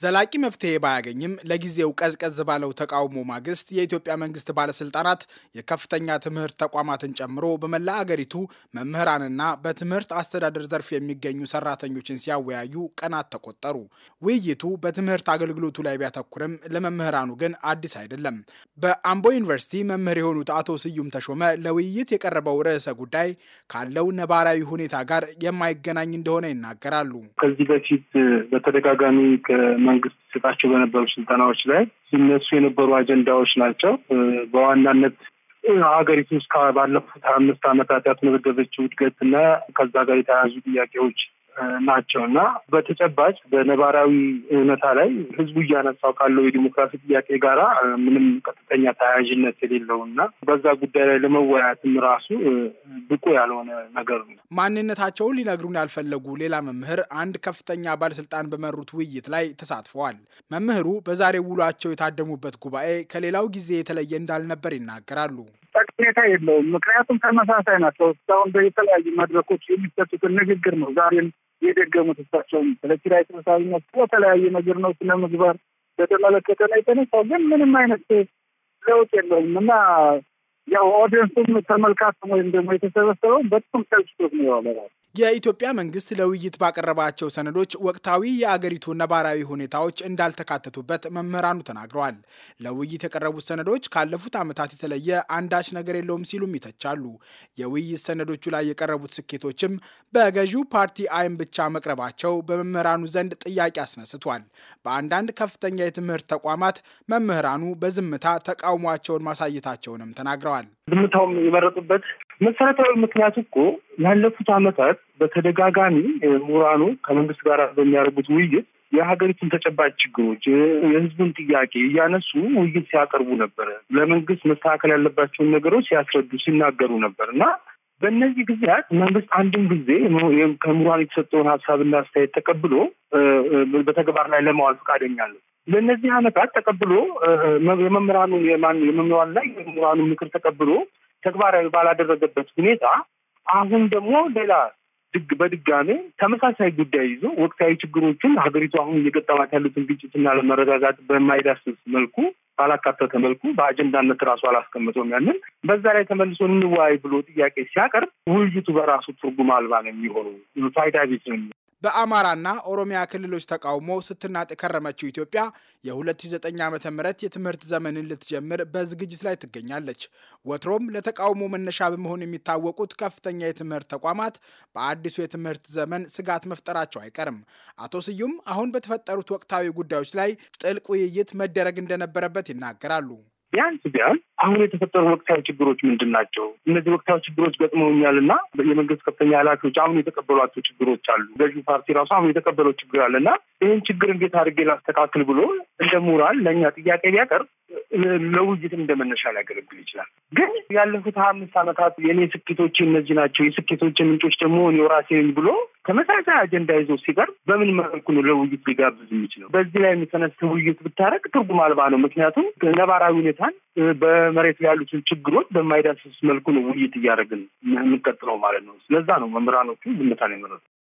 ዘላቂ መፍትሄ ባያገኝም ለጊዜው ቀዝቀዝ ባለው ተቃውሞ ማግስት የኢትዮጵያ መንግስት ባለስልጣናት የከፍተኛ ትምህርት ተቋማትን ጨምሮ በመላ አገሪቱ መምህራንና በትምህርት አስተዳደር ዘርፍ የሚገኙ ሰራተኞችን ሲያወያዩ ቀናት ተቆጠሩ። ውይይቱ በትምህርት አገልግሎቱ ላይ ቢያተኩርም ለመምህራኑ ግን አዲስ አይደለም። በአምቦ ዩኒቨርሲቲ መምህር የሆኑት አቶ ስዩም ተሾመ ለውይይት የቀረበው ርዕሰ ጉዳይ ካለው ነባራዊ ሁኔታ ጋር የማይገናኝ እንደሆነ ይናገራሉ። ከዚህ በፊት በተደጋጋሚ መንግስት ሲሰጣቸው በነበሩ ስልጠናዎች ላይ ሲነሱ የነበሩ አጀንዳዎች ናቸው። በዋናነት ሀገሪቱ ውስጥ ባለፉት አምስት ዓመታት ያስመዘገበችው እድገትና ከዛ ጋር የተያያዙ ጥያቄዎች ናቸው እና በተጨባጭ በነባራዊ እውነታ ላይ ህዝቡ እያነሳው ካለው የዲሞክራሲ ጥያቄ ጋራ ምንም ቀጥተኛ ተያያዥነት የሌለው እና በዛ ጉዳይ ላይ ለመወያየትም ራሱ ብቁ ያልሆነ ነገር ነው። ማንነታቸውን ሊነግሩን ያልፈለጉ ሌላ መምህር አንድ ከፍተኛ ባለስልጣን በመሩት ውይይት ላይ ተሳትፈዋል። መምህሩ በዛሬ ውሏቸው የታደሙበት ጉባኤ ከሌላው ጊዜ የተለየ እንዳልነበር ይናገራሉ። ሁኔታ የለውም። ምክንያቱም ተመሳሳይ ናቸው። እስካሁን በተለያዩ መድረኮች የሚሰጡትን ንግግር ነው ዛሬም የደገሙት። እሳቸውም ስለ ኪራይ ሰብሳቢነት ስለተለያየ ነገር ነው ስነ ምግባር በተመለከተ ላይ ተነሳው፣ ግን ምንም አይነት ለውጥ የለውም እና ያው ኦዲየንሱም ተመልካቱም ወይም ደግሞ የተሰበሰበው በጣም ተልችቶት ነው የዋለው። የኢትዮጵያ መንግስት ለውይይት ባቀረባቸው ሰነዶች ወቅታዊ የአገሪቱ ነባራዊ ሁኔታዎች እንዳልተካተቱበት መምህራኑ ተናግረዋል። ለውይይት የቀረቡት ሰነዶች ካለፉት ዓመታት የተለየ አንዳች ነገር የለውም ሲሉም ይተቻሉ። የውይይት ሰነዶቹ ላይ የቀረቡት ስኬቶችም በገዢው ፓርቲ አይን ብቻ መቅረባቸው በመምህራኑ ዘንድ ጥያቄ አስነስቷል። በአንዳንድ ከፍተኛ የትምህርት ተቋማት መምህራኑ በዝምታ ተቃውሟቸውን ማሳየታቸውንም ተናግረዋል። ተናግረዋል። ዝምታውም የመረጡበት መሰረታዊ ምክንያት እኮ ያለፉት አመታት በተደጋጋሚ ምሁራኑ ከመንግስት ጋር በሚያደርጉት ውይይት የሀገሪቱን ተጨባጭ ችግሮች፣ የህዝቡን ጥያቄ እያነሱ ውይይት ሲያቀርቡ ነበር። ለመንግስት መስተካከል ያለባቸውን ነገሮች ሲያስረዱ ሲናገሩ ነበር እና በእነዚህ ጊዜያት መንግስት አንድም ጊዜ ከምሁራን የተሰጠውን ሀሳብና አስተያየት ተቀብሎ በተግባር ላይ ለማዋል ፈቃደኛ ነው። ለእነዚህ አመታት ተቀብሎ የመምህራኑን የመምህራን ላይ የምሁራኑን ምክር ተቀብሎ ተግባራዊ ባላደረገበት ሁኔታ አሁን ደግሞ ሌላ ድግ በድጋሜ ተመሳሳይ ጉዳይ ይዞ ወቅታዊ ችግሮችን ሀገሪቱ አሁን እየገጠማት ያሉትን ግጭትና ለመረጋጋት በማይዳስስ መልኩ ባላካተተ መልኩ በአጀንዳነት ራሱ አላስቀምጠው ያንን በዛ ላይ ተመልሶ እንዋይ ብሎ ጥያቄ ሲያቀርብ ውይይቱ በራሱ ትርጉም አልባ ነው የሚሆኑ ፋይዳ ቢስ ነው በአማራና ኦሮሚያ ክልሎች ተቃውሞ ስትናጥ የከረመችው ኢትዮጵያ የ2009 ዓ ም የትምህርት ዘመንን ልትጀምር በዝግጅት ላይ ትገኛለች። ወትሮም ለተቃውሞ መነሻ በመሆን የሚታወቁት ከፍተኛ የትምህርት ተቋማት በአዲሱ የትምህርት ዘመን ስጋት መፍጠራቸው አይቀርም። አቶ ስዩም አሁን በተፈጠሩት ወቅታዊ ጉዳዮች ላይ ጥልቅ ውይይት መደረግ እንደነበረበት ይናገራሉ። ቢያንስ ቢያንስ አሁን የተፈጠሩ ወቅታዊ ችግሮች ምንድን ናቸው? እነዚህ ወቅታዊ ችግሮች ገጥመውኛል እና የመንግስት ከፍተኛ ኃላፊዎች አሁን የተቀበሏቸው ችግሮች አሉ። ገዢው ፓርቲ ራሱ አሁን የተቀበለው ችግር አለ እና ይህን ችግር እንዴት አድርጌ ላስተካክል ብሎ እንደ ምሁራን ለእኛ ጥያቄ ቢያቀርብ ለውይይት መነሻ ሊያገለግል ይችላል። ግን ያለፉት ሀያ አምስት ዓመታት የእኔ ስኬቶች እነዚህ ናቸው፣ የስኬቶች ምንጮች ደግሞ እኔ ራሴ ነኝ ብሎ ተመሳሳይ አጀንዳ ይዞ ሲቀርብ በምን መልኩ ነው ለውይይት ሊጋብዝ የሚችለው? በዚህ ላይ የሚተነስ ውይይት ብታረቅ ትርጉም አልባ ነው። ምክንያቱም ነባራዊ ሁኔታን መሬት ያሉትን ችግሮች በማይዳስስ መልኩ ነው ውይይት እያደረግን የምንቀጥለው ማለት ነው። ስለዛ ነው መምህራኖቹ ነው የመረጡ።